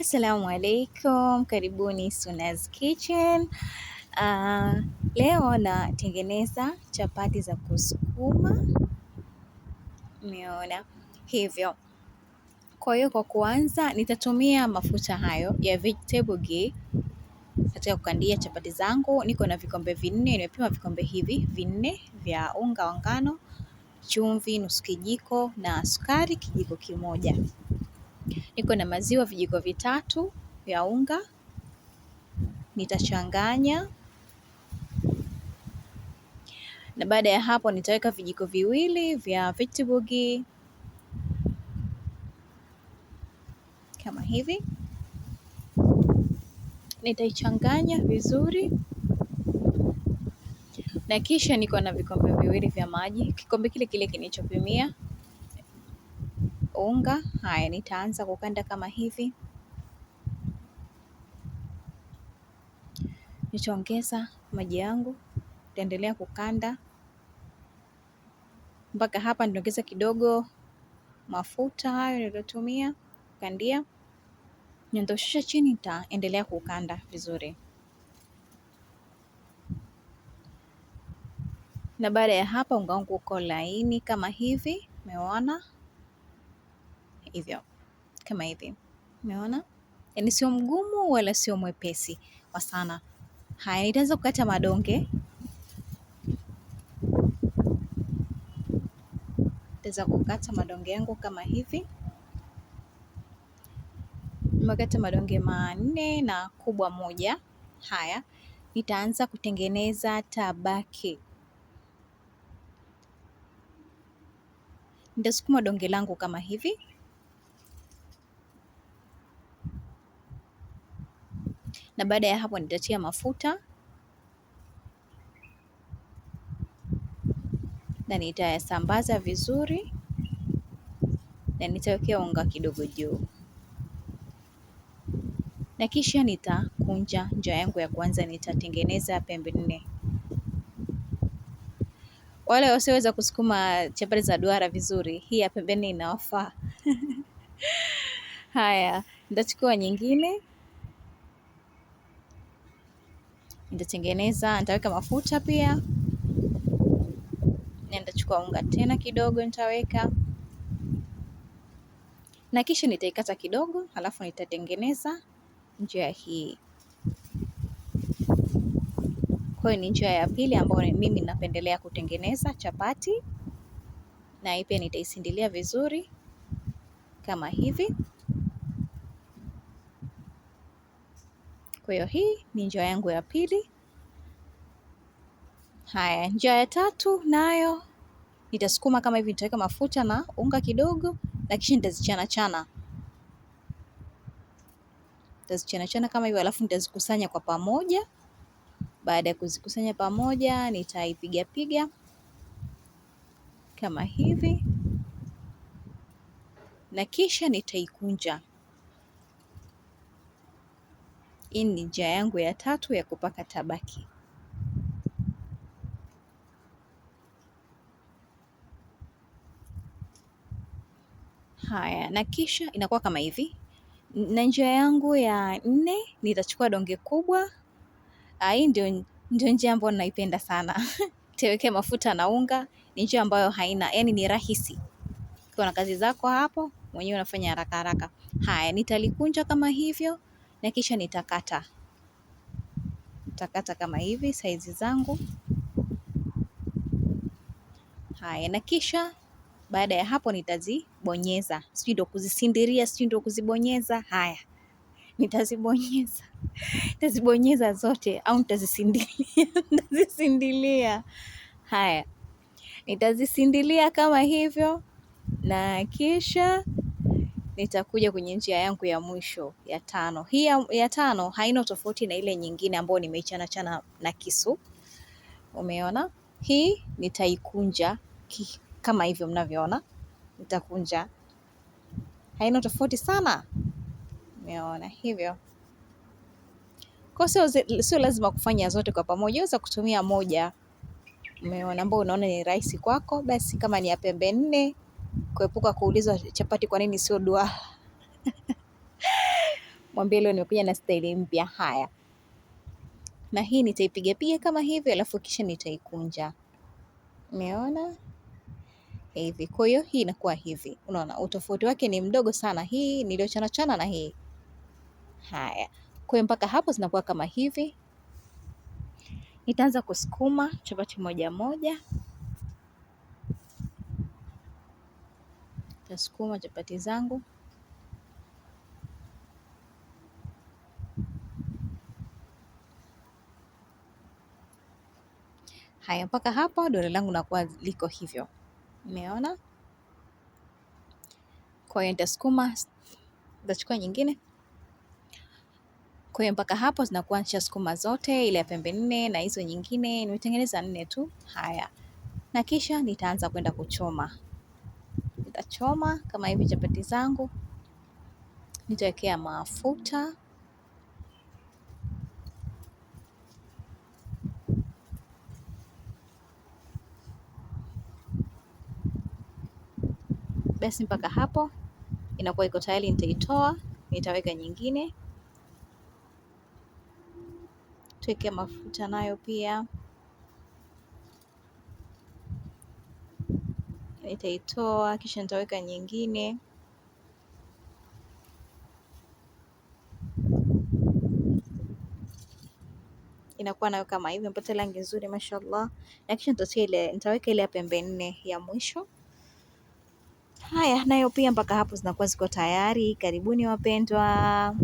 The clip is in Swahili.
Assalamu alaikum, karibuni Suna's Kitchen. Uh, leo natengeneza chapati za kusukuma, umeona hivyo. Kwa hiyo kwa kuanza, nitatumia mafuta hayo ya vegetable ghee katika kukandia chapati zangu. Niko na vikombe vinne, nimepima vikombe hivi vinne vya unga wa ngano, chumvi nusu kijiko na sukari kijiko kimoja. Niko na maziwa vijiko vitatu vya unga, nitachanganya na baada ya hapo nitaweka vijiko viwili vya vitibugi kama hivi. Nitaichanganya vizuri, na kisha niko na vikombe viwili vya maji, kikombe kile kile kinichopimia unga. Haya, nitaanza kukanda kama hivi, nitaongeza maji yangu, nitaendelea kukanda mpaka hapa. Nitaongeza kidogo mafuta hayo niliyotumia kukandia, nitashusha chini, nitaendelea kukanda vizuri. Na baada ya hapa, unga wangu uko laini kama hivi, umeona hivyo kama hivi, umeona? Yaani sio mgumu wala sio mwepesi kwa sana. Haya, nitaanza kukata madonge, nitaanza kukata madonge yangu kama hivi. Nimekata madonge manne na kubwa moja. Haya, nitaanza kutengeneza tabaki. Nitasukuma donge langu kama hivi. na baada ya hapo nitatia mafuta na nitayasambaza vizuri na nitawekea unga kidogo juu na kisha nitakunja njia yangu ya kwanza, nitatengeneza pembe nne. Wale wasioweza kusukuma chapati za duara vizuri, hii ya pembeni inawafaa. Haya, nitachukua nyingine nitatengeneza, nitaweka mafuta pia, na nitachukua unga tena kidogo nitaweka, na kisha nitaikata kidogo, halafu nitatengeneza njia hii. Kwa hiyo ni njia ya pili ambayo mimi napendelea kutengeneza chapati, na hii pia nitaisindilia vizuri kama hivi. Kwa hiyo hii ni njia yangu ya pili. Haya, njia ya tatu nayo nitasukuma kama hivi, nitaweka mafuta na unga kidogo, na kisha nitazichana chana, nitazichana chana kama hivyo, alafu nitazikusanya kwa pamoja. Baada ya kuzikusanya pamoja, nitaipiga piga kama hivi, na kisha nitaikunja. Hii ni njia yangu ya tatu ya kupaka tabaki. Haya, na kisha inakuwa kama hivi. Na njia yangu ya nne nitachukua donge kubwa. Ah, hii ndio ndio njia ambayo naipenda sana teweke mafuta na unga. Ni njia ambayo haina yani, ni rahisi. Ukiwa na kazi zako hapo mwenyewe unafanya haraka haraka. Haya, nitalikunja kama hivyo na kisha nitakata nitakata kama hivi saizi zangu. Haya, na kisha baada ya hapo nitazibonyeza, sijui ndo kuzisindiria, sijui ndo kuzibonyeza. Haya, nitazibonyeza nitazibonyeza zote au nitazisindilia? Nitazisindilia. Haya, nitazisindilia kama hivyo na kisha nitakuja kwenye njia yangu ya mwisho ya tano. Hii ya tano haina tofauti na ile nyingine ambayo nimeichanachana na kisu. Umeona, hii nitaikunja kama hivyo mnavyoona, nitakunja, haina tofauti sana. Umeona hivyo kwa sio, sio lazima kufanya zote kwa pamoja, unaweza kutumia moja. Umeona, ambao unaona ni rahisi kwako, basi kama ni ya pembe nne kuepuka kuulizwa chapati kwa nini sio duara. Mwambie leo nimekuja na staili mpya. Haya, na hii nitaipigapiga kama hivi, alafu kisha nitaikunja. Umeona hivi? Kwa hiyo hii inakuwa hivi, unaona utofauti wake ni mdogo sana, hii niliochana chana na hii. Haya, kwa hiyo mpaka hapo zinakuwa kama hivi. Nitaanza kusukuma chapati moja moja. nitasukuma chapati zangu. Haya, mpaka hapo dole langu nakuwa liko hivyo, umeona? Kwa hiyo nitasukuma, nitachukua nyingine. Kwa hiyo mpaka hapo zinakuwa sukuma zote, ile ya pembe nne na hizo nyingine, nimetengeneza nne tu. Haya, na kisha nitaanza kwenda kuchoma nitachoma kama hivi chapati zangu, nitawekea mafuta basi mpaka hapo inakuwa iko tayari. Nitaitoa, nitaweka nyingine, tuwekea mafuta nayo pia. nitaitoa kisha nitaweka nyingine inakuwa nayo kama hivyo, mpate rangi nzuri mashallah, na kisha nitatia ile, nitaweka ile ya pembe nne ya mwisho. Haya, nayo pia mpaka hapo zinakuwa ziko tayari. Karibuni wapendwa.